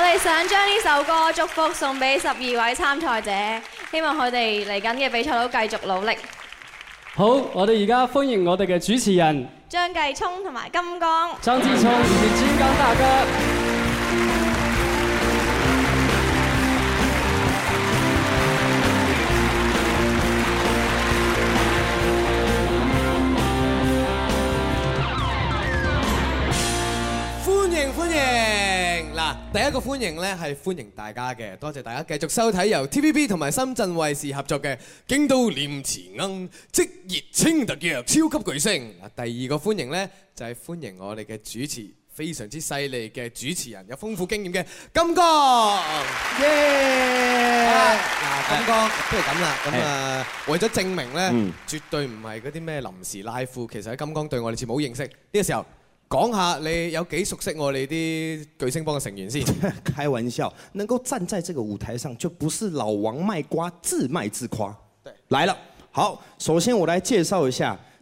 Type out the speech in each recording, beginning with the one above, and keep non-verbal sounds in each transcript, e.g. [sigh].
我哋想將呢首歌祝福送俾十二位參賽者，希望佢哋嚟緊嘅比賽都繼續努力。好，我哋而家歡迎我哋嘅主持人張繼聰同埋金剛。張繼聰，金剛大哥。第一個歡迎咧係歡迎大家嘅，多謝大家繼續收睇由 TVB 同埋深圳衛視合作嘅《京都念慈菴職業青特約超級巨星》。啊，第二個歡迎咧就係歡迎我哋嘅主持，非常之犀利嘅主持人，有豐富經驗嘅金剛，耶！嗱，金剛不如咁啦，咁啊為咗證明咧，絕對唔係嗰啲咩臨時拉夫，其實喺金剛對我哋似冇認識呢個時候。講下你有幾熟悉我哋啲巨星幫嘅成員先。開玩笑，能夠站在這個舞台上，就不是老王賣瓜自賣自誇。對，來了。好，首先我來介紹一下。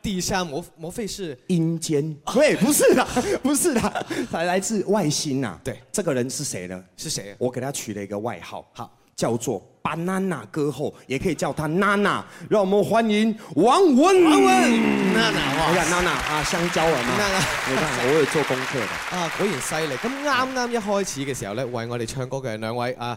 地下莫，莫非是陰間？對間，不是的，不是的，來 [laughs] 來自外星啊，對，這個人是誰呢？是誰誰？我給他取了一個外號，好，叫做 banana 歌后，也可以叫他娜娜。讓我們歡迎王文。王文，娜娜，好，娜娜，a 香蕉啊，娜娜，N ana. 你我都做功課的。啊，果然犀利。咁啱啱一開始嘅時候呢，為我哋唱歌嘅兩位啊。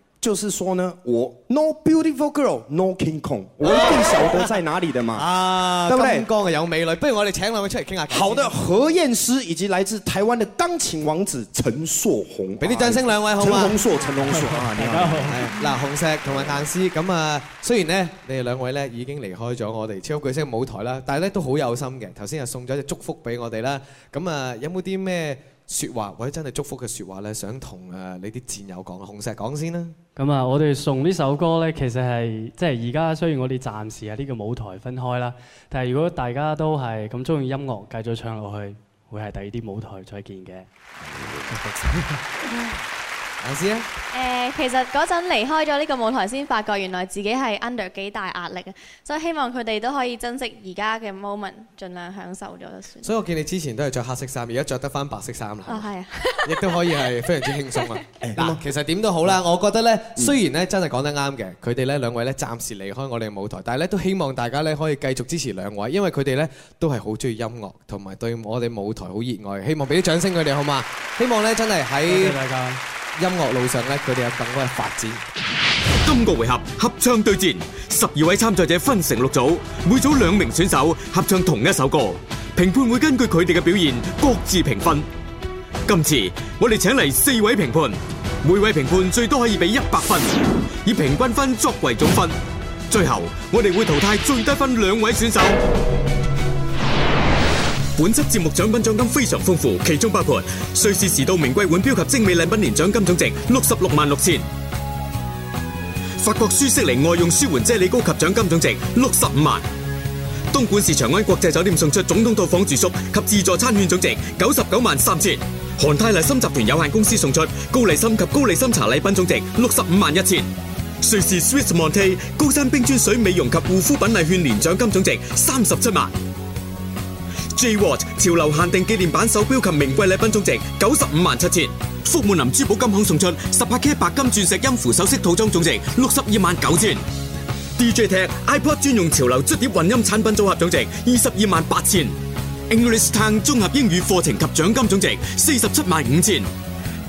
就是說呢，我 no beautiful girl no king Kong，我唔識得在哪裡的嘛，啊、對唔對？金剛有美女，不如我哋請兩位出嚟傾下。好的，何雁詩以及來自台灣的鋼琴王子陳碩紅，畀你掌聲兩位好嗎？陳龍朔，陳龍朔啊，你好，嗱 [laughs] ，紅石同埋雁詩。咁啊，雖然呢，你哋兩位呢已經離開咗我哋超巨星舞台啦，但係呢都好有心嘅。頭先又送咗一隻祝福俾我哋啦。咁啊，有冇啲咩？説話或者真係祝福嘅説話咧，想同誒你啲戰友講，紅石講先啦。咁啊，我哋送呢首歌咧，其實係即係而家雖然我哋暫時喺呢個舞台分開啦，但係如果大家都係咁中意音樂，繼續唱落去，會係第二啲舞台再見嘅。 [laughs] [laughs] 係咪先？誒，其實嗰陣離開咗呢個舞台，先發覺原來自己係 under 幾大壓力啊！所以希望佢哋都可以珍惜而家嘅 moment，儘量享受咗就算。所以我見你之前都係着黑色衫，而家着得翻白色衫啦。啊、哦，亦都可以係非常之輕鬆啊！ [laughs] 其實點都好啦，我覺得呢，雖然呢真係講得啱嘅，佢哋呢兩位呢暫時離開我哋嘅舞台，但係呢都希望大家呢可以繼續支持兩位，因為佢哋呢都係好中意音樂，同埋對我哋舞台好熱愛。希望俾啲掌聲佢哋好嘛？希望呢真係喺。謝謝大家。音樂路上咧，佢哋有更多嘅發展。今個回合合唱對戰，十二位參賽者分成六組，每組兩名選手合唱同一首歌。評判會根據佢哋嘅表現各自評分。今次我哋請嚟四位評判，每位評判最多可以俾一百分，以平均分作為總分。最後我哋會淘汰最低分兩位選手。本集節目獎品獎金非常豐富，其中包括瑞士時度名貴腕錶及精美禮品年獎金總值六十六萬六千；法國舒適靈外用舒緩啫喱膏及獎金總值六十五萬；東莞市長安國際酒店送出總統套房住宿及自助餐券總值九十九萬三千；韓泰禮森集團有限公司送出高麗參及高麗參茶禮品總值六十五萬一千；瑞士 Swiss Monti 高山冰川水美容及護膚品禮券年獎金總值三十七萬。J Watch 潮流限定紀念版手表及名貴禮品總值九十五萬七千。福滿林珠寶金行送出十八 K 白金鑽石音符首飾套裝總值六十二萬九千。DJ Tech iPod 專用潮流搓碟混音產品組合總值二十二萬八千。English Tang 綜合英語課程及獎金總值四十七萬五千。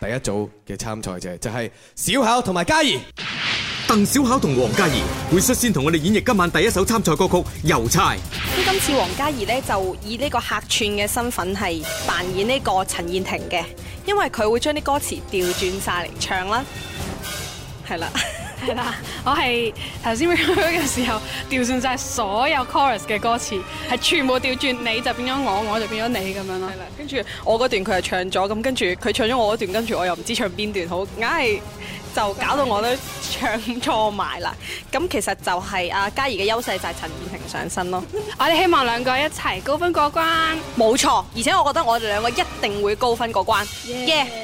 第一組嘅參賽者就係、是、小巧同埋嘉怡，鄧小巧同黃嘉怡會率先同我哋演繹今晚第一首參賽歌曲《郵差》。今次黃嘉怡呢，就以呢個客串嘅身份係扮演呢個陳燕婷嘅，因為佢會將啲歌詞調轉晒嚟唱啦，係啦。係啦，我係頭先嘅時候調轉晒所有 chorus 嘅歌詞，係全部調轉，你就變咗我，我就變咗你咁樣咯。係啦，跟住我嗰段佢係唱咗，咁跟住佢唱咗我嗰段，跟住我又唔知唱邊段好，硬係就搞到我都唱錯埋啦。咁其實就係阿嘉怡嘅優勢就係陳健平上身咯。 [laughs] 我哋希望兩個一齊高分過關。冇錯，而且我覺得我哋兩個一定會高分過關。耶！Yeah. yeah.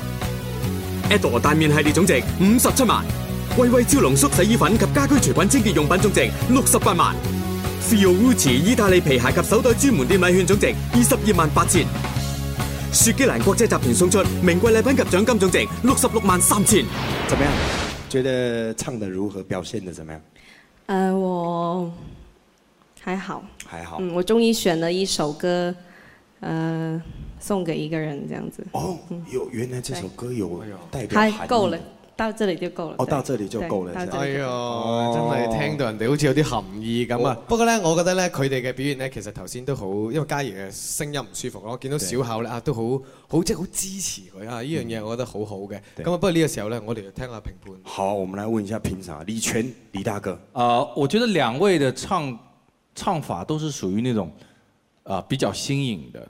Adora 蛋麵系列總值五十七萬，威威超濃縮洗衣粉及家居廚品清潔用品總值六十八萬，Feelucci 意大利皮鞋及手袋專門店禮券總值二十二萬八千，雪肌蘭國際集團送出名貴禮品及獎金總值六十六萬三千。3, 怎麼樣？覺得唱得如何？表現得怎麼樣？呃，我還好，還好。嗯，我終於選了一首歌，呃。送給一個人。這樣子。哦，有原來這首歌有代表含義。夠了，到這裡就夠了。哦，到這裡就夠了。夠了，哎呦，哦、真係聽到人哋好似有啲含義咁啊！不過咧，我覺得咧，佢哋嘅表現咧，其實頭先都好，因為嘉怡嘅聲音唔舒服，我見到小考咧對啊，都好好即係好支持佢啊！呢樣嘢我覺得好好嘅。咁啊對，不過呢個時候咧，我哋就聽下評判。好，我們來問一下評審，李泉，李大哥。啊、呃，我覺得兩位嘅唱唱法都是屬於那種啊、呃、比較新穎的。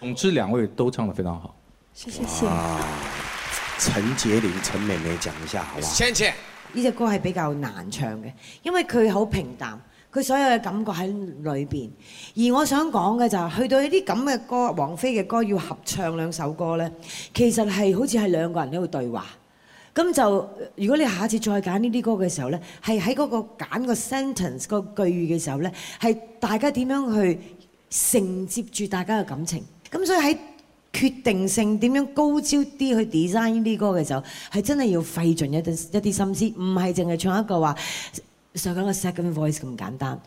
總之兩位都唱得非常好，謝謝謝陳潔玲、陳美美講一下，好唔好？謝謝呢隻歌係比較難唱嘅，因為佢好平淡，佢所有嘅感覺喺裏邊。而我想講嘅就係，去到呢啲咁嘅歌，王菲嘅歌，要合唱兩首歌呢，其實係好似係兩個人喺度對話。咁就如果你下次再揀呢啲歌嘅時候呢，係喺嗰個揀個 sentence 個句語嘅時候呢，係大家點樣去承接住大家嘅感情？咁所以喺決定性點樣高招啲去 design 呢啲歌嘅時候，係真係要費盡一啲一啲心思，唔係淨係唱一個話上緊個 second voice 咁簡單。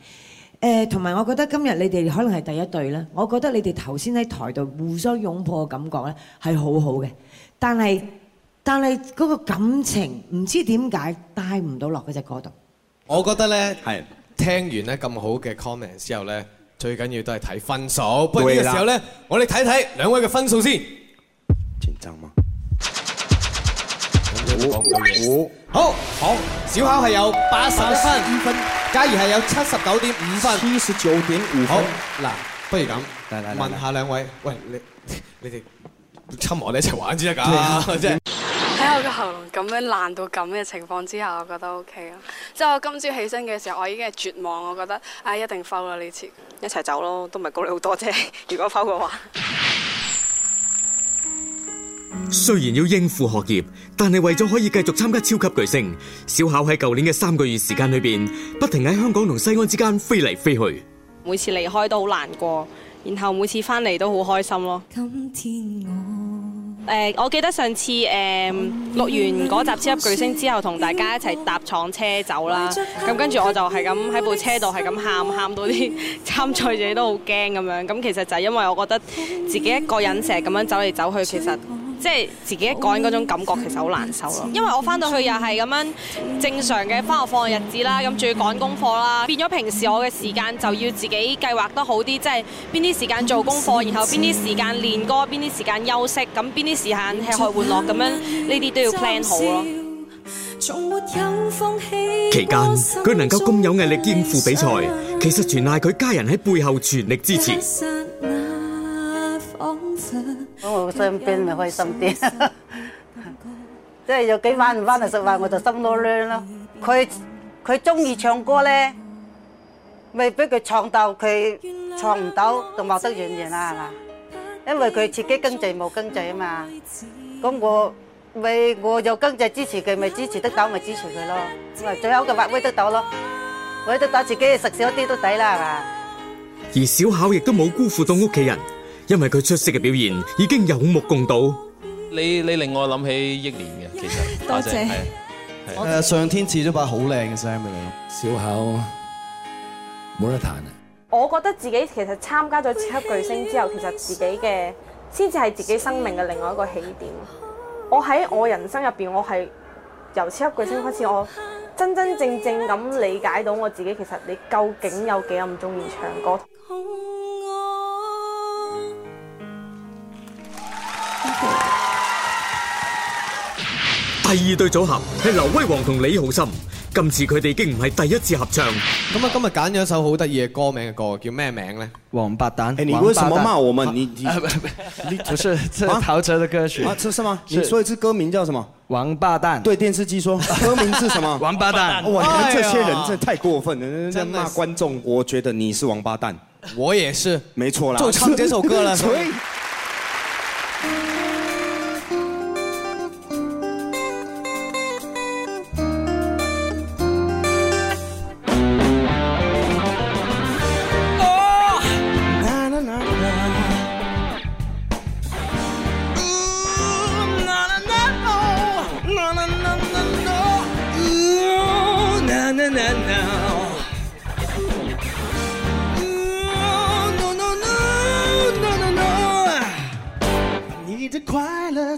誒，同埋我覺得今日你哋可能係第一對咧，我覺得你哋頭先喺台度互相擁抱嘅感覺咧係好好嘅，但係但係嗰個感情唔知點解帶唔到落嗰隻歌度。我覺得咧係的聽完咧咁好嘅 comment 之後咧。最緊要都係睇分數，不過呢個時候咧，喂啦 我哋睇睇兩位嘅分數先好。好，好，小考係有八十一分，假如係有七十九點五分。七十九點五分。好，嗱，不如咁，問下兩位，喂，你，你哋，侵我哋一齊玩先得㗎，即係。睇我個喉嚨咁樣爛到咁嘅情況之下，我覺得 O K 咯。即係我今朝起身嘅時候，我已經係絕望，我覺得啊、哎，一定摱啦呢次，一齊走咯，都唔係高你好多啫。如果否嘅話，雖然要應付學業，但係為咗可以繼續參加超級巨星，小巧喺舊年嘅三個月時間裏邊，不停喺香港同西安之間飛嚟飛去。每次離開都好難過，然後每次翻嚟都好開心咯。今天我。呃、我記得上次誒、呃、錄完嗰集《超級巨星》之後，同大家一齊搭廠車走啦。咁跟住我就係咁喺部車度，係咁喊喊到啲參賽者都好驚咁樣。咁其實就係因為我覺得自己一個人成日咁樣走嚟走去，其實～即係自己一個人嗰種感覺，其實好難受咯。因為我返到去又係咁樣正常嘅返學放學日子啦，咁仲要趕功課啦，變咗平時我嘅時間就要自己計劃得好啲，即係邊啲時間做功課，然後邊啲時間練歌，邊啲時間休息，咁邊啲時間吃喝玩樂咁樣，呢啲都要 plan 好咯。期間佢能夠咁有毅力肩負比賽，其實全係佢家人喺背後全力支持。身邊咪開心啲，即係有幾晚唔翻嚟食飯，我就心都涼咯。佢佢中意唱歌咧，咪俾佢唱到佢唱唔到就冇得演員啦，係嘛？因為佢自己經濟冇經濟啊嘛。咁我咪我有經濟支持佢，咪支持得到咪支持佢咯。最後嘅發揮得到咯，為得到自己食少啲都抵啦，係嘛？而小巧亦都冇辜負到屋企人。因為佢出色嘅表現已經有目共睹，你你令我諗起憶蓮嘅，其實多謝，我誒上天賜咗把好靚嘅聲俾你，小口冇得彈啊！我覺得自己其實參加咗超級巨星之後，其實自己嘅先至係自己生命嘅另外一個起點。我喺我人生入邊，我係由超級巨星開始，我真真正正咁理解到我自己，其實你究竟有幾咁中意唱歌。第二對組合係劉威煌同李浩森，今次佢哋已經唔係第一次合唱。咁啊，今日揀咗一首好得意嘅歌名嘅歌，叫咩名呢？「王八蛋。你為什麼罵我們？問你，你不是即係陶喆嘅歌曲？什麼？你說一次歌名叫什麼？王八蛋。對電視機說，歌名是什麼？王八蛋。哇，你們這些人真太過分了！在罵觀眾，我覺得你是王八蛋，我也是，沒錯啦，就唱這首歌啦。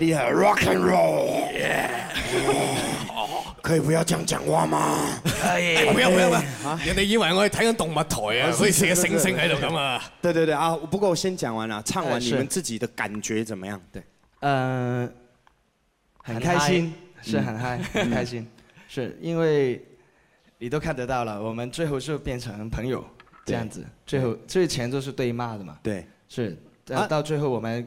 啲係 rock and roll，可以不要這樣講話嗎？可以，不要不要嘛！人哋以為我係睇緊動物台啊，所以寫星星喺度咁啊。對對對啊！不過我先講完了，唱完你們自己的感覺怎麼樣？對，嗯，很開心，是很嗨，很開心，是因為你都看得到了，我們最後就變成朋友這樣子。最後最前都是對罵的嘛？對，是，但到最後我們。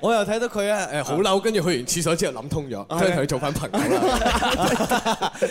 我又睇到佢啊，誒好嬲，跟住去完廁所之後諗通咗，即係同佢做翻朋友啦。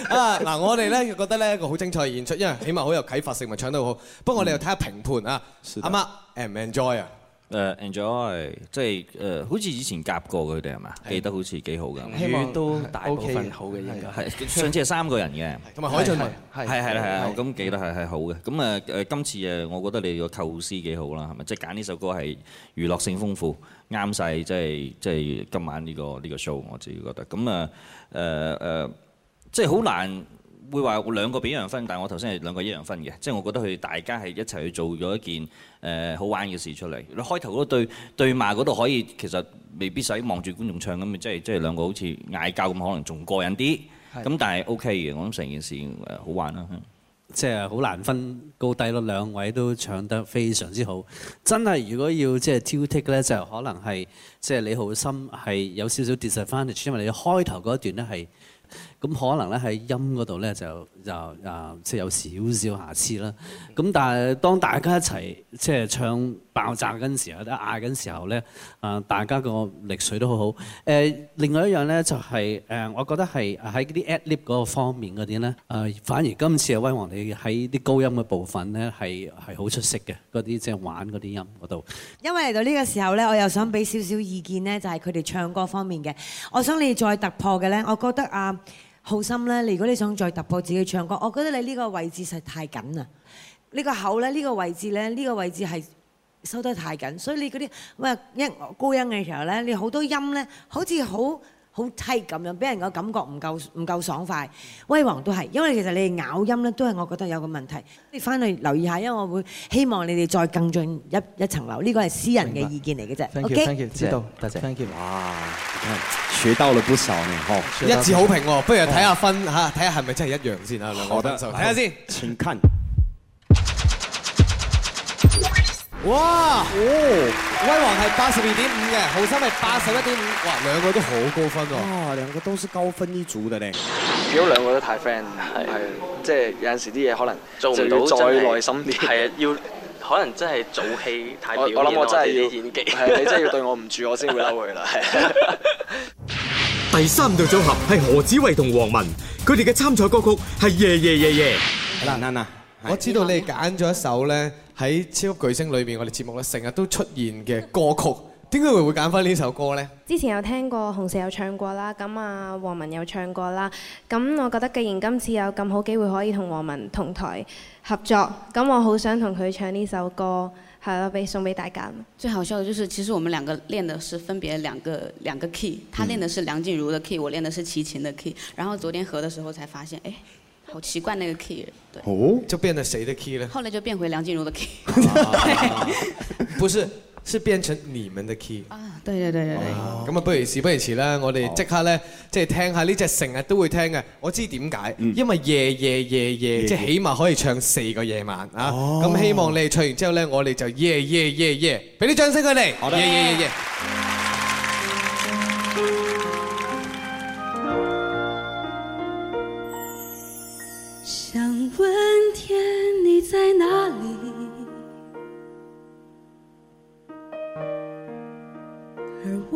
啊，嗱，我哋咧覺得咧一個好精彩嘅演出，因為起碼好有啟發性，咪唱得好。不過我哋又睇下評判啊，阿媽，enjoy 啊。誒 enjoy 即係誒，好似以前夾過佢哋係嘛？記得好似幾好㗎。希望都大部分好嘅依家。係上次係三個人嘅，同埋海俊文係係啦係啊。咁記得係係好嘅。咁啊誒，今次誒，我覺得你個構思幾好啦，係咪？即係揀呢首歌係娛樂性豐富，啱晒。即係即係今晚呢個呢個 show，我自己覺得。咁啊誒誒，即係好難。會話兩個俾一樣分，但係我頭先係兩個一樣分嘅，即係我覺得佢大家係一齊去做咗一件誒好玩嘅事出嚟。你開頭嗰對對罵嗰度可以，其實未必使望住觀眾唱咁，即係即係兩個好似嗌交咁，可能仲過癮啲。咁但係 OK 嘅，我諗成件事好玩啦。即係好難分高低咯，兩位都唱得非常之好。真係如果要即係挑剔呢，就可能係即係你好心係有少少跌實翻嚟，因為你開頭嗰一段咧係。咁可能咧喺音嗰度咧就就啊即係有少少瑕疵啦。咁但係當大家一齊即係唱爆炸嗰陣時候咧、嗌嗰陣時候咧，啊大家個力水都好好。誒另外一樣咧就係誒，我覺得係喺啲 ad lib 嗰個方面嗰啲咧，誒反而今次阿威王你喺啲高音嘅部分咧係係好出色嘅，嗰啲即係玩嗰啲音嗰度。因為嚟到呢個時候咧，我又想俾少少意見咧，就係佢哋唱歌方面嘅。我想你再突破嘅咧，我覺得啊。好心咧，如果你想再突破自己的唱歌，我覺得你呢個位置實在太緊啦。呢個口咧，呢個位置咧，呢、呢個位置係收得太緊，所以你嗰啲咩一高音嘅時候咧，你好多音咧，好似好好悽咁樣，俾人嘅感覺唔夠唔夠爽快。威王都係，因為其實你嘅咬音咧，都係我覺得有個問題，你翻去留意一下，因為我會希望你哋再更進一一層樓。呢個係私人嘅意見嚟嘅啫。謝謝 okay? thank you thank you 知道，多謝,謝,謝,謝。哇！學到了不少呢，嗬！一致好評喎，不如睇下分吓，睇下係咪真係一樣先啊。好的，睇下先。請看。哇，哦，威王係八十二點五嘅，豪生係八十一點五，哇，兩個都好高分喎。哇，兩個都是高分一組嘅呢！如果兩個都太 friend，係，即係有陣時啲嘢可能做唔到，再耐心啲，係啊，要。.可能真係做戲，太屌，我諗我真係要演技，係你真係要對我唔住，我先會嬲佢啦。第三對組合係何子慧同黃文，佢哋嘅參賽歌曲係夜夜夜夜。嗱嗱嗱，我知道你揀咗一首咧，喺超級巨星裏邊我哋節目咧成日都出現嘅歌曲。點解會會揀翻呢首歌咧？之前有聽過紅社有唱過啦，咁啊黃文有唱過啦，咁我覺得既然今次有咁好機會可以同黃文同台合作，咁我好想同佢唱呢首歌，係啦，俾送俾大家。最好笑嘅就是，其實我們兩個練的是分別兩個兩個 key，他練的是梁靜茹的 key，我練的是齊秦的 key，然後昨天合的時候，才發現誒，好、欸、奇怪那個 key，對，哦，就變咗誰的 key 了？後來就變回梁靜茹的 key。 [laughs] [laughs] 對 不是。是變成你們的 key？啊，對對對對！咁啊，不如事不宜遲啦，我哋即刻咧，即係聽下呢隻成日都會聽嘅，我知點解，因為夜夜夜夜，即係起碼可以唱四個夜晚啊！咁希望你哋唱完之後咧，我哋就夜夜夜夜，俾啲掌聲佢哋！好啦，夜夜夜夜。想問天，你在哪裏？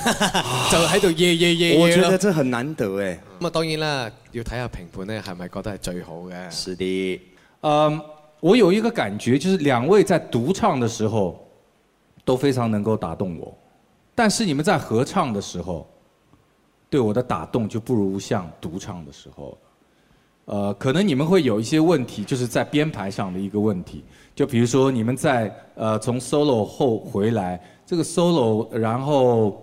[laughs] 就喺度耶耶耶！我覺得這很難得誒。咁當然啦，要睇下評判咧係咪覺得係最好嘅。是的，嗯，um, 我有一個感覺，就是兩位在獨唱的時候都非常能夠打動我，但是你們在合唱的時候對我的打動就不如像獨唱的時候。呃、uh,，可能你們會有一些問題，就是在編排上的一個問題，就比如說你們在呃、uh, 從 solo 後回來，這個 solo 然後。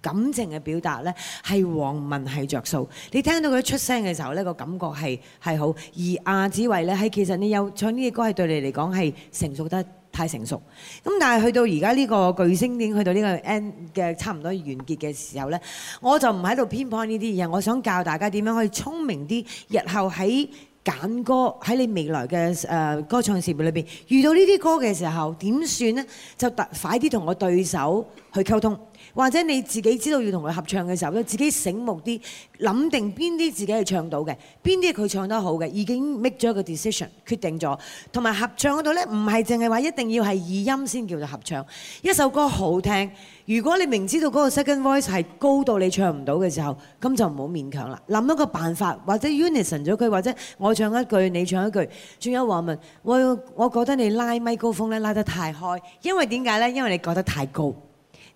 感情嘅表達呢，係黃文係着數。你聽到佢出聲嘅時候呢，個感覺係係好。而阿子慧呢，喺其實你有唱呢啲歌，係對你嚟講係成熟得太成熟。咁但係去到而家呢個巨星點去到呢個 end 嘅差唔多完結嘅時候呢，我就唔喺度偏 p 呢啲嘢。我想教大家點樣可以聰明啲，日後喺揀歌喺你未來嘅誒歌唱事業裏邊遇到呢啲歌嘅時候點算呢？就快啲同我對手去溝通。或者你自己知道要同佢合唱嘅時候，要自己醒目啲，諗定邊啲自己係唱到嘅，邊啲佢唱得好嘅，已經 make 咗一個 decision 決定咗。同埋合唱嗰度咧，唔係淨係話一定要係二音先叫做合唱。一首歌好聽，如果你明知道嗰個 second voice 係高到你唱唔到嘅時候，咁就唔好勉強啦。諗一個辦法，或者 unison 咗佢，或者我唱一句，你唱一句。仲有話問我，我覺得你拉咪高峰咧拉得太開，因為點解咧？因為你覺得太高。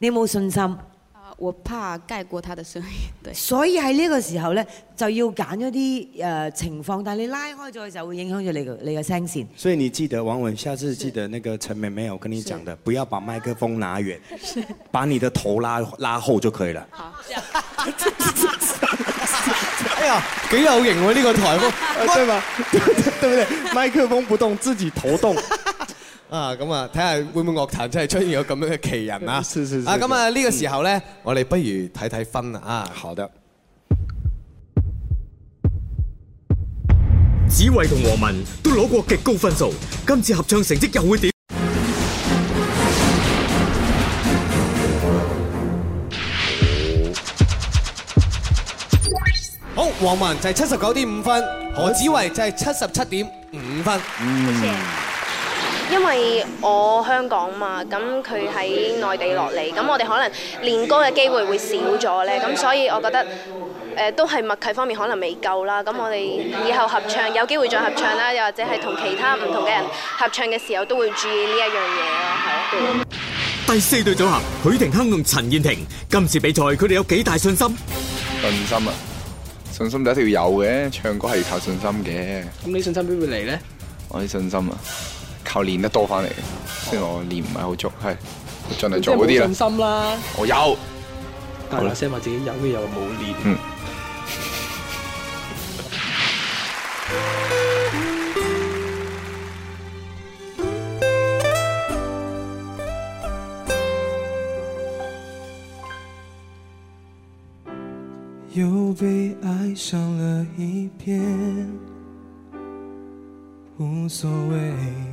你冇信心，啊！我怕蓋過他的聲音。對所以喺呢個時候咧，就要揀一啲、呃、情況，但係你拉開咗就會影響咗你嘅你嘅聲線。所以你記得，王文，下次記得，那個陳美美有跟你講的，是是不要把麥克風拿遠，是是把你的頭拉拉後就可以了。這 [laughs] 哎呀，幾有型喎呢個台風，對嘛？對對對，麥克風不動，自己頭動。啊，咁啊，睇下會唔會樂壇真係出現咗咁樣嘅奇人啊！啊，咁啊，呢個時候咧，我哋不如睇睇分啊！好的，紫慧同黃文都攞過極高分數，今次合唱成績又會點？好，黃文就係七十九點五分，何紫慧就係七十七點五分。因為我香港嘛，咁佢喺內地落嚟，咁我哋可能練歌嘅機會會少咗咧，咁所以我覺得誒、呃、都係默契方面可能未夠啦。咁我哋以後合唱有機會再合唱啦，又或者係同其他唔同嘅人合唱嘅時候都會注意呢一樣嘢囉。第四對組合許廷鏗同陳燕婷，今次比賽佢哋有幾大信心？信心啊！信心第一條要有嘅，唱歌係要靠信心嘅。咁你信心邊會嚟呢？我啲信心啊！靠練得多翻嚟嘅，雖然我練唔係好足，係盡量做啲啦。放心啦，我有。但係阿星話好了 自己有又冇練、嗯。又被愛上了一遍，無所謂。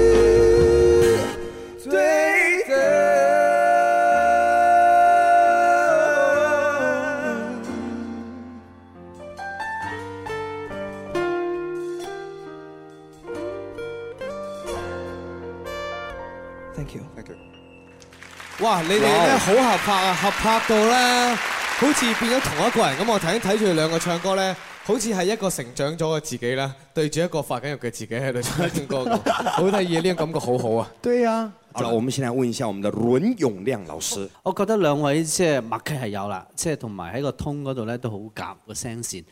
哇！你哋咧好合拍啊，合拍到咧好似變咗同一個人咁。我頭先睇住佢兩個唱歌咧，好似係一個成長咗嘅自己啦。對住一個發緊育嘅自己喺度唱歌，好得意呢種感覺，好好啊！對啊。好啦吧，好吧我們先嚟問一下我們的倫永亮老師。我，我覺得兩位即係默契係有啦，即係同埋喺個通嗰度咧都好夾個聲線。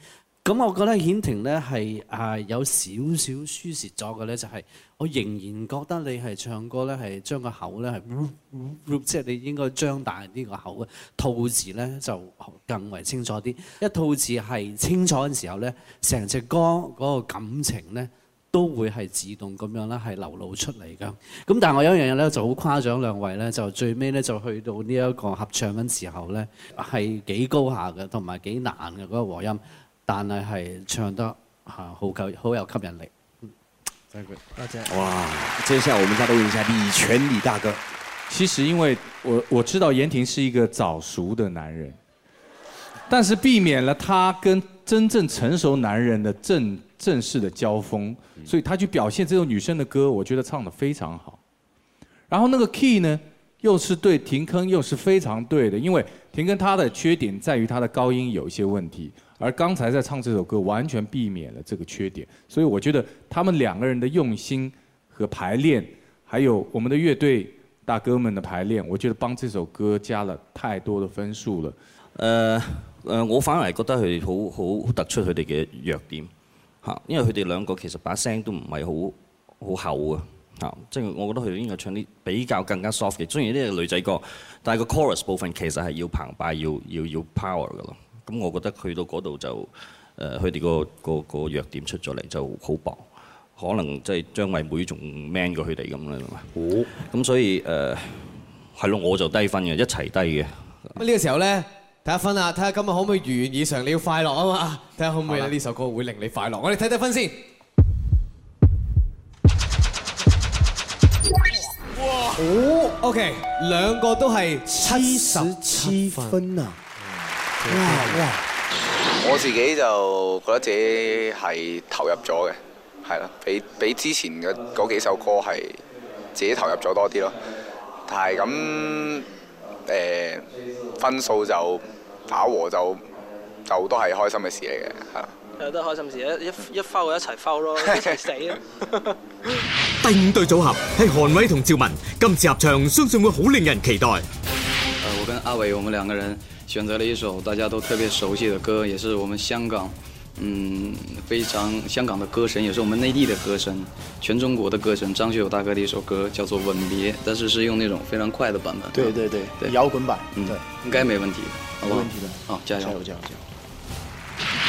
咁我覺得顯庭咧係誒有少少疏失咗嘅咧，就係我仍然覺得你係唱歌咧係將個口咧係即係你應該張大啲個口啊，吐字咧就更為清楚啲。一吐字係清楚嘅時候咧，成隻歌嗰個感情咧都會係自動咁樣咧係流露出嚟嘅。咁但係我有一樣嘢咧就好誇獎兩位咧，就最尾咧就去到呢一個合唱嘅時候咧，係幾高下嘅，同埋幾難嘅嗰個和音。但係係唱得嚇好夠好有吸引力，真，多謝哇！接下來我們再問一下李全，李大哥，其實因為我我知道言婷是一個早熟的男人，但是避免了他跟真正成熟男人的正正式的交鋒。所以他去表現這種女生的歌，我覺得唱得非常好。然後那個 key 呢？又是對停坑，又是非常對的，因為停坑它的缺點在於它的高音有一些問題，而剛才在唱這首歌完全避免了這個缺點。所以我覺得他們兩個人的用心和排練，還有我們的樂隊大哥們的排練，我覺得幫這首歌加了太多的分數了。呃呃，我反而覺得佢哋好好突出佢哋嘅弱點，因為佢哋兩個其實把聲都唔係好好厚啊。即係我覺得佢應該唱啲比較更加 soft 嘅，雖然呢係女仔歌，但係個 chorus 部分其實係要澎湃、要要要 power 嘅咯。咁我覺得去到嗰度就誒，佢哋個個個弱點出咗嚟就好薄，可能即係張惠妹仲 man 過佢哋咁樣啊。咁所以誒，係咯，我就低分嘅，一齊低嘅。呢個時候咧，睇下分啊，睇下今日可唔可以如願以償，你要快樂啊嘛。睇下可唔可以呢首歌會令你快樂。我哋睇低分先。哦，OK，兩個都係七十七分啊！哇哇，我自己就覺得自己係投入咗嘅，係啦，比比之前嘅嗰幾首歌係自己投入咗多啲咯。但係咁誒分數就打和，就就都係開心嘅事嚟嘅嚇。有得開心時一一一摟一齊摟咯，一齊死咯！ [laughs] 第五對組合係韓偉同趙文，今次合唱相信會好令人期待。呃，我跟阿偉，我們兩個人選擇了一首大家都特別熟悉的歌，也是我們香港嗯非常香港的歌神，也是我們內地的歌神，全中國的歌神張學友大哥的一首歌叫做《吻別》，但是是用那種非常快的版本，對對對，搖滾版，對，應該沒問題，沒問題的，對好吧的、哦，加油加油加油！加油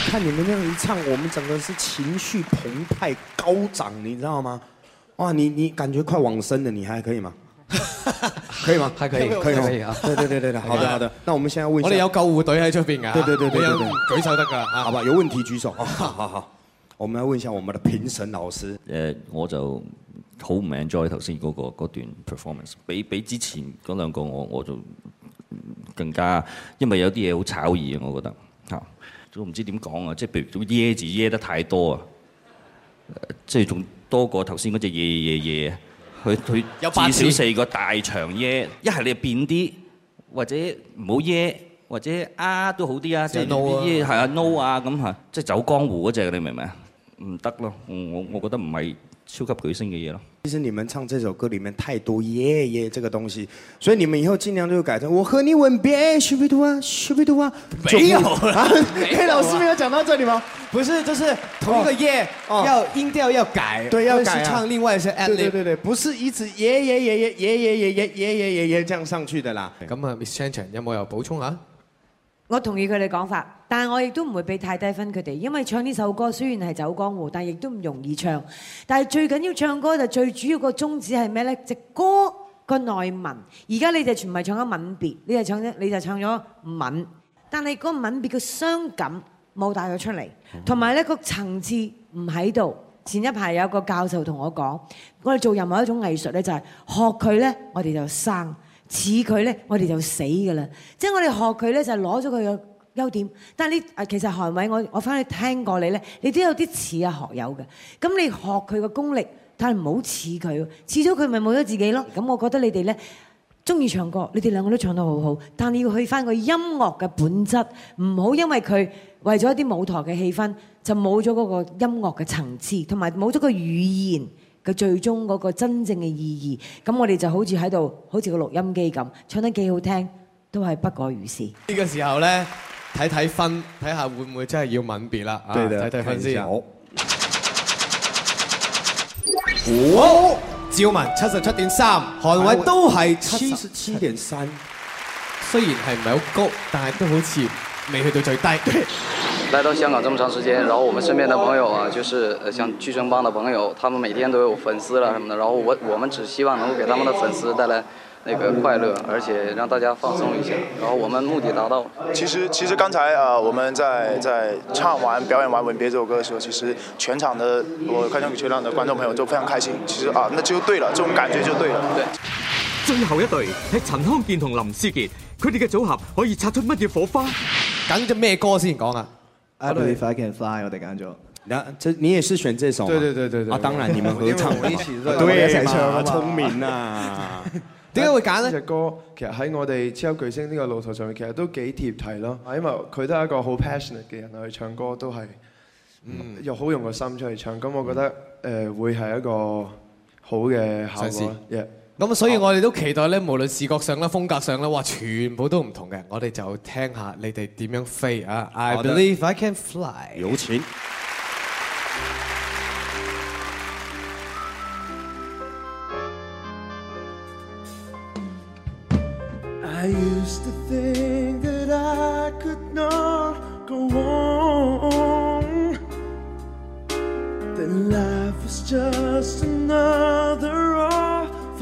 看你們那樣一唱，我們整個是情緒澎湃高漲，你知道嗎？哇、啊，你你感覺快往生了，你還可以嗎？可以嗎？還可以，可以，可以啊可以！對對對對的，好的好的，好的。那我們現在問一下，我哋有救護隊喺出邊嘅，對對對對對，舉手得噶，啊，好吧，有問題舉手啊。好好，好好好我們來問一下我們的評審老師。誒，我就好唔 enjoy 頭先嗰個段 performance，比比之前嗰兩個我我就更加，因為有啲嘢好炒耳我覺得啊。好都唔 All、right. 嗯、知點講啊，即係譬如椰子椰得太多啊，呃、即係仲多過頭先嗰隻椰椰椰，佢佢八至少四個大長椰，就一係你變啲，或者唔好椰，或者啊都好啲啊，即係 no 係啊 no 啊咁嚇，即係、啊、走江湖嗰隻你明唔明啊？唔得咯，我我覺得唔係。收級佢聲嘅嘢咯。其實你們唱這首歌裡面太多耶耶這個東西，所以你們以後盡量就改成我和你吻別，show me the way，show me the way，沒有啦。黑、啊、老師沒有講到這裡嗎？不是，就是同一個耶，要音調要改。哦哦、對，要改、啊、唱另外一些。ad-lib，對對對對，不是一直耶耶耶耶耶耶耶耶耶耶耶耶這樣上去的啦。咁啊，Miss Chan，有冇有補充啊？我同意佢哋講法，但係我亦都唔會俾太低分佢哋，因為唱呢首歌雖然係走江湖，但係亦都唔容易唱。但係最緊要唱歌就最主要個宗旨係咩呢？隻歌個內文，而家你就全唔係唱緊吻別，你就唱你就唱咗吻。但係個吻別嘅傷感冇帶咗出嚟，同埋呢個層次唔喺度。前一排有一個教授同我講，我哋做任何一種藝術呢，就係、是、學佢呢，我哋就生。似佢呢，我哋就死噶啦！即係我哋學佢呢，就攞咗佢嘅優點。但係你誒，其實韓偉，我我翻去聽過你呢，你都有啲似阿學友嘅。咁你學佢嘅功力，但係唔好似佢，似咗佢咪冇咗自己咯。咁 [music] 我覺得你哋呢，中意唱歌，你哋兩個都唱得好好，但係要去翻個音樂嘅本質，唔好因為佢為咗一啲舞台嘅氣氛，就冇咗嗰個音樂嘅層次，同埋冇咗個語言。嘅最終嗰個真正嘅意義，咁我哋就好似喺度，好似個錄音機咁，唱得幾好聽，都係不過如是。呢個時候咧，睇睇分，睇下會唔會真係要吻別啦？對，睇的睇、啊、睇睇分先。好走。趙、哦、文 3, 七十七點三，韓偉都係七十七點三，雖然係唔係好高，但係都好似未去到最低。 [laughs] 來到香港這麼長時間，然後我們身邊的朋友啊，就是像巨聲幫的朋友，他們每天都有粉絲了什麼的。然後我我們只希望能夠給他們的粉絲帶來那個快樂，而且讓大家放鬆一下。然後我們目的達到。其實其實剛才啊，呃，我們在在唱完表演完，完《吻別》這首歌的時候，其實全場的我看上去全場的觀眾朋友都非常開心。其實啊，那就對了，這種感覺就對了。對，最後一隊是陳康健同林思杰，佢哋嘅組合可以擦出乜嘢火花？等着咩歌先講啊？I believe I can fly，我哋揀咗，那這你也是選這首，對對對對對，啊當然你們合唱好好，對，他聰明啦，啊，點解會揀呢隻歌其實喺我哋超級巨星呢，這個路途上面，其實都幾貼題咯，係因為佢都係一個好 passionate 嘅人去唱歌，都係，嗯，又好用個心出去唱，咁我覺得誒，呃，會係一個好嘅效果。咁所以我哋都期待咧，無論視覺上啦、風格上啦，哇，全部都唔同嘅。我哋就聽下你哋點樣飛啊！I believe I can fly。有錢。有請。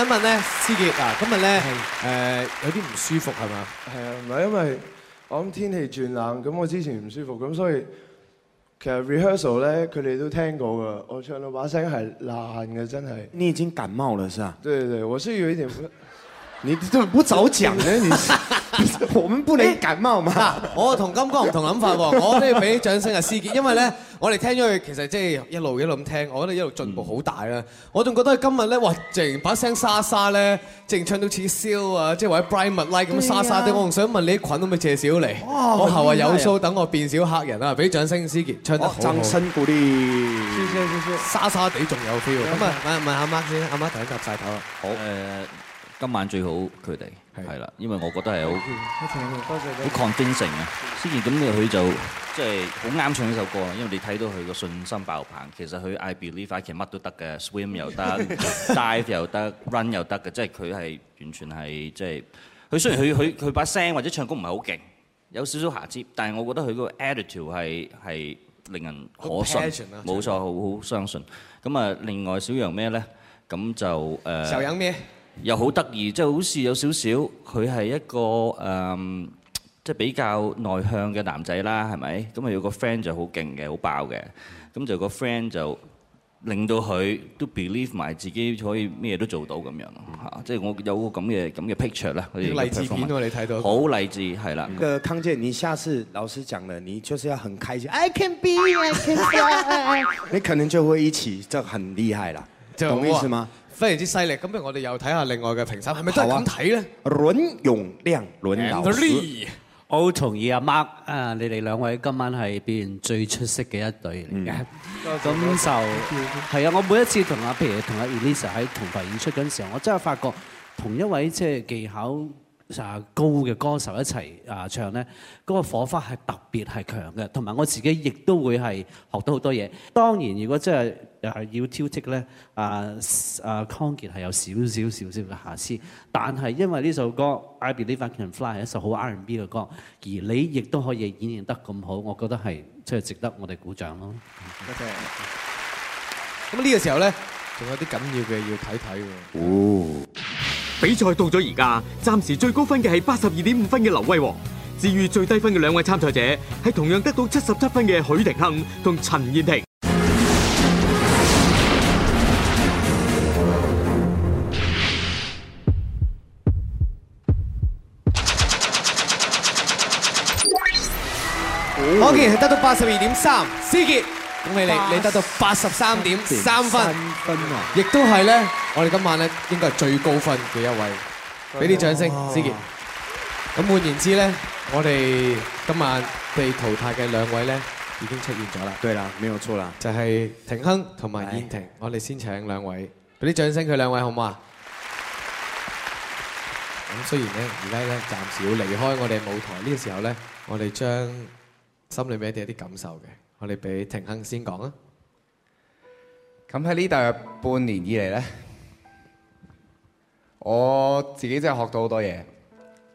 我想問咧，思傑，嗱，今日咧，誒有啲唔舒服係嘛？係啊，唔係因為我諗天氣轉冷，咁我之前唔舒服，咁所以其實 rehearsal 咧，佢哋都聽過㗎。我唱到把聲係爛嘅，真係。你已經感冒了，是啊？對對對，我是有一點。你都唔好走樣咧！你，我們不離緊啊嘛！我同金剛唔同諗法喎，我都要俾掌聲啊！思傑，因為咧，我哋聽咗佢其實即係一路一路咁聽，我覺得一路進步好大啦。我仲覺得今日咧，哇！淨把聲沙沙咧，淨唱到似燒啊！即係或者 brighter light 咁沙沙啲。我仲想問你啲菌可唔可以借少嚟？我後日有數，等我變少客人啊！俾掌聲，思傑唱得好，真辛苦啲，沙沙地仲有 feel。咁啊，問阿媽先，阿媽突然間曬頭啦。好誒。今晚最好佢哋係啦，因為我覺得係好好 convincing 啊。雖然咁，佢就即係好啱唱呢首歌，因為你睇到佢個信心爆棚。其實佢 I believe，其實乜都得嘅，swim 又得，dive 又得，run 又得嘅，即係佢係完全係即係。佢雖然佢佢佢把聲或者唱功唔係好勁，有少少瑕疵，但係我覺得佢個 attitude 係係令人可信，冇錯，好好相信。咁啊，另外小楊咩咧？咁就誒。小楊咩？又好得意，即係好似有少少佢係一個誒，即係比較內向嘅男仔啦，係咪？咁咪有個 friend 就好勁嘅，好爆嘅，咁就個 friend 就令到佢都 believe 埋自己可以咩都做到咁樣嚇，即係我有個咁嘅咁嘅 picture 見到你睇到。好勵志，係啦。個康姐，你下次老師講了，你就是要很開心，I can be，I can do。可可你可能就會一起，就很厲害啦。懂意思嗎？非常之犀利，咁不如我哋又睇下另外嘅評審，係咪真係咁睇咧？阮永亮、阮老師，我好同意阿 Mark 啊！麥啊，你哋兩位今晚係表現最出色嘅一對嚟嘅。咁就係啊，我每一次同啊，譬如同阿 Elisa 喺同台演出嗰陣時候，我真係發覺同一位即係技巧高嘅歌手一齊啊唱咧，嗰、嗰個火花係特別係強嘅，同埋我自己亦都會係學到好多嘢。當然，如果真係又係要挑剔咧，啊啊，康杰係有少少少少嘅瑕疵，但係因為呢首歌《I Believe I Can Fly》係一首好 R&B 嘅歌，而你亦都可以演繹得咁好，我覺得係真係值得我哋鼓掌咯。多謝。咁呢個時候咧，仲有啲緊要嘅要睇睇喎。哦，比賽到咗而家，暫時最高分嘅係八十二點五分嘅劉威王，至於最低分嘅兩位參賽者，係同樣得到七十七分嘅許廷鏗同陳燕婷。我竟然係得到八十二點三，思傑恭喜你，你得到八十三點三分，亦都係咧，我哋今晚咧應該係最高分嘅一位，俾啲掌聲，思傑。咁換言之咧，我哋今晚被淘汰嘅兩位咧已經出現咗啦。對啦，沒有錯啦，就係庭亨同埋燕婷，我哋先請兩位，俾啲掌聲佢兩位好唔好啊？咁雖然咧，而家咧暫時要離開我哋舞台，呢個時候咧，我哋將心裏面一定有啲感受嘅，我哋俾庭亨先講啊。咁喺呢大約半年以嚟，咧，我自己真係學到好多嘢，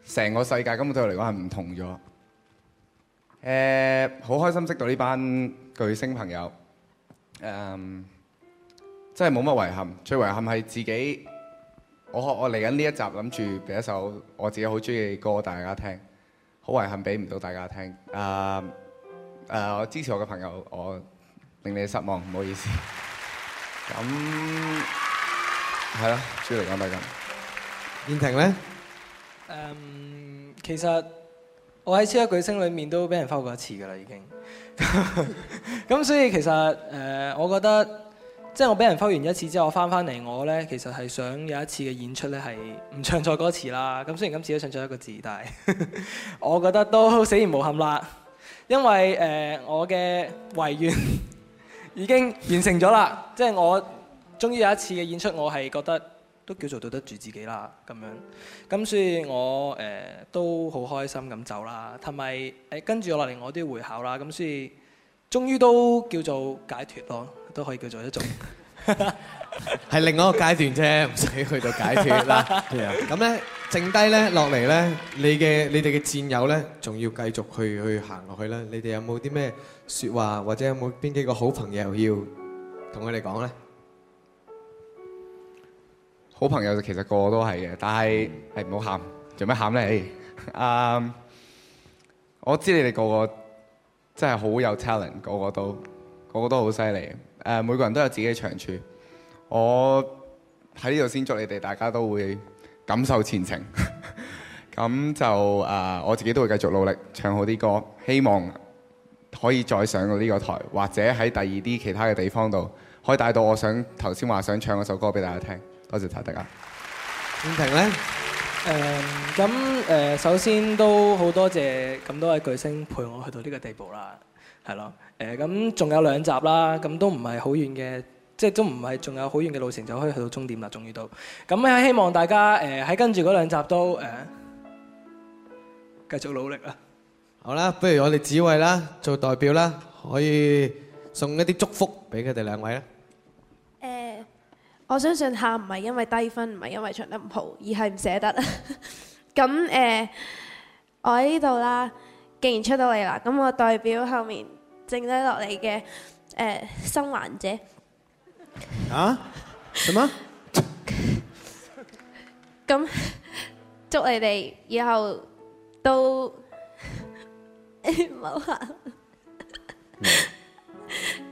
成個世界根本對我嚟講係唔同咗。誒，好開心識到呢班巨星朋友，誒、嗯，真係冇乜遺憾。最遺憾係自己，我學我嚟緊呢一集諗住俾一首我自己好中意嘅歌大家聽，好遺憾俾唔到大家聽。啊、嗯！誒，我支持我嘅朋友，我令你失望，唔好意思對。咁係咯，朱嚟講大家。燕婷咧，誒，其實我喺超級巨星裏面都俾人虧過一次㗎啦，已經。咁所以其實誒，我覺得即係我俾人虧完一次之後，我翻翻嚟我咧，其實係想有一次嘅演出咧係唔唱錯歌詞啦。咁雖然今次都唱錯一個字，但係我覺得都死而無憾啦。因為誒、呃、我嘅遺願 [laughs] 已經完成咗啦，即係 [laughs] 我終於有一次嘅演出，我係覺得都叫做對得住自己啦咁樣，咁所以我誒、呃、都好開心咁走啦，同埋誒跟住落嚟我都要會考啦，咁所以終於都叫做解脫咯，都可以叫做一種。 [laughs] [laughs] 係另外一個階段啫，唔使去到解脱啦。咁咧，剩低咧落嚟咧，你嘅你哋嘅戰友咧，仲要繼續走去去行落去啦。你哋有冇啲咩說話，或者有冇邊幾個好朋友要同佢哋講咧？好朋友其實個個都係嘅，但係係唔好喊，做咩喊咧？誒，我知道你哋個個真係好有 talent，個個都個個都好犀利。誒，每個人都有自己嘅長處。我喺呢度先祝你哋大家都會感受前程，咁 [laughs] 就誒我自己都會繼續努力唱好啲歌，希望可以再上到呢個台，或者喺第二啲其他嘅地方度，可以帶到我想頭先話想唱嗰首歌俾大家聽。多謝大家，燕婷呢？誒咁誒首先都好多謝咁多位巨星陪我去到呢個地步啦，係咯，誒咁仲有兩集啦，咁都唔係好遠嘅。即係都唔係，仲有好遠嘅路程就可以去到終點啦，終於到。咁希望大家誒喺跟住嗰兩集都誒繼續努力啦。好啦，不如我哋紫慧啦做代表啦，可以送一啲祝福俾佢哋兩位啦。誒，我相信下唔係因為低分，唔係因為唱得唔好，而係唔捨得。 [laughs] 咁、呃、誒，我喺呢度啦，既然出到嚟啦，咁我代表後面剩低落嚟嘅誒生還者。啊？什麼？咁 [laughs] 祝你哋以後都好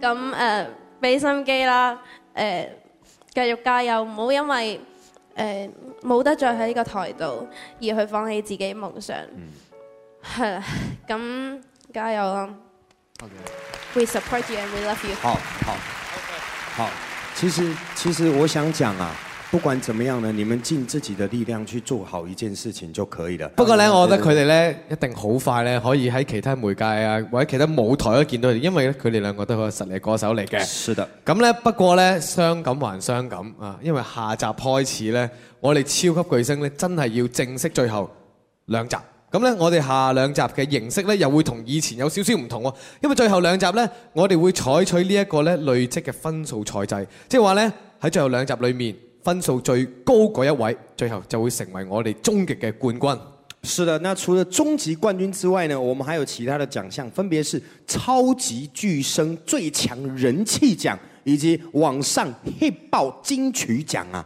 咁，誒，俾心機啦，誒，繼續加油，唔好因為誒冇得再喺呢個台度，而去放棄自己夢想。係咁、嗯、 [laughs] 加油。Okay. We support you and we love you。好好，好。Okay. 好。其實其實我想講啊，不管怎麼樣呢，你們盡自己的力量去做好一件事情就可以了。不過呢，我覺得佢哋呢，一定好快呢，可以喺其他媒介啊或者其他舞台都見到佢哋，因為呢佢哋兩個都係實力歌手嚟嘅。是的。咁呢，不過呢，傷感還傷感啊，因為下集開始呢，我哋超級巨星呢，真係要正式最後兩集。咁咧，我哋下兩集嘅形式咧，又會同以前有少少唔同。因為最後兩集咧，我哋會採取呢一個咧累積嘅分數賽制，即係話咧喺最後兩集裏面，分數最高嗰一位，最後就會成為我哋終極嘅冠軍。是的，那除了終極冠軍之外呢，我們還有其他的獎項，分別是超級巨聲最強人氣獎以及網上 Hit 爆金曲獎啊。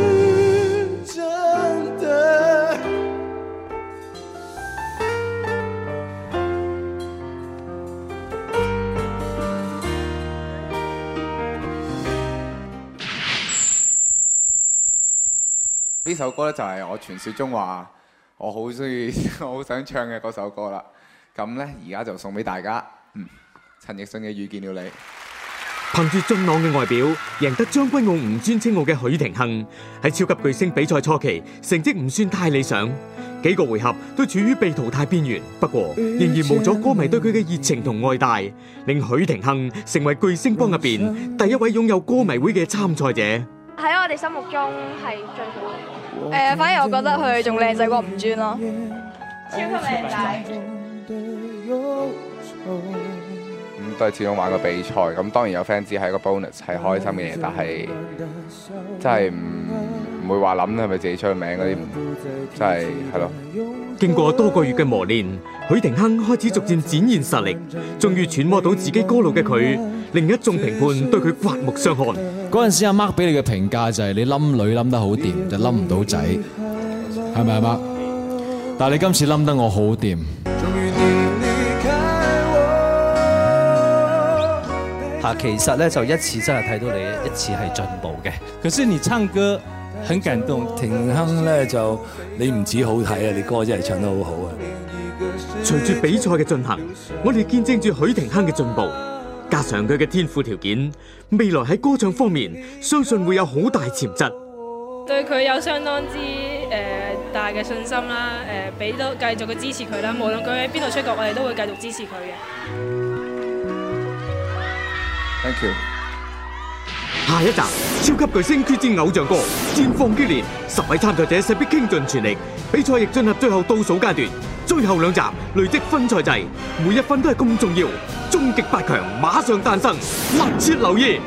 呢首歌咧就係我傳說中話我好中意，我好想唱嘅嗰首歌啦。咁呢，而家就送俾大家。嗯，陳奕迅嘅《遇見了你》。憑住俊朗嘅外表，贏得將軍澳吳尊稱號嘅許廷鏗喺超級巨星比賽初期成績唔算太理想，幾個回合都處於被淘汰邊緣。不過仍然無咗歌迷對佢嘅熱情同愛戴，令許廷鏗成為巨星幫入邊第一位擁有歌迷會嘅參賽者。喺我哋心目中係最好的。誒、呃，反而我覺得佢仲靚仔過吳尊咯，超級靚仔。咁都係始終玩個比賽，咁當然有 fans 係一個 bonus 係開心嘅嘢，但係真係唔～、嗯唔會話諗咧，係咪自己出名嗰啲？真係係咯。經過多個月嘅磨練，許廷鏗開始逐漸展現實力。終於揣摩到自己歌路嘅佢，令一眾評判對佢刮目相看。嗰陣時，阿 Mark 俾你嘅評價就係、是、你冧女冧得好掂，就冧唔到仔，係咪阿 Mark？嗯、但係你今次冧得我好掂。嚇，其實咧就一次真係睇到你一次係進步嘅。可是你唱歌。很感動，廷鏗咧就你唔止好睇啊，你歌真係唱得好好啊！隨住比賽嘅進行，我哋見證住許廷鏗嘅進步，加上佢嘅天賦條件，未來喺歌唱方面相信會有好大潛質。對佢有相當之誒、呃、大嘅信心啦，誒俾到繼續嘅支持佢啦，無論佢喺邊度出國，我哋都會繼續支持佢嘅。Thank you。下一集超級巨星決戰偶像歌，戰況激烈，十位參賽者勢必傾盡全力，比賽亦進入最後倒數階段，最後兩集累積分賽制，每一分都係咁重要，終極八強馬上誕生，密切留意。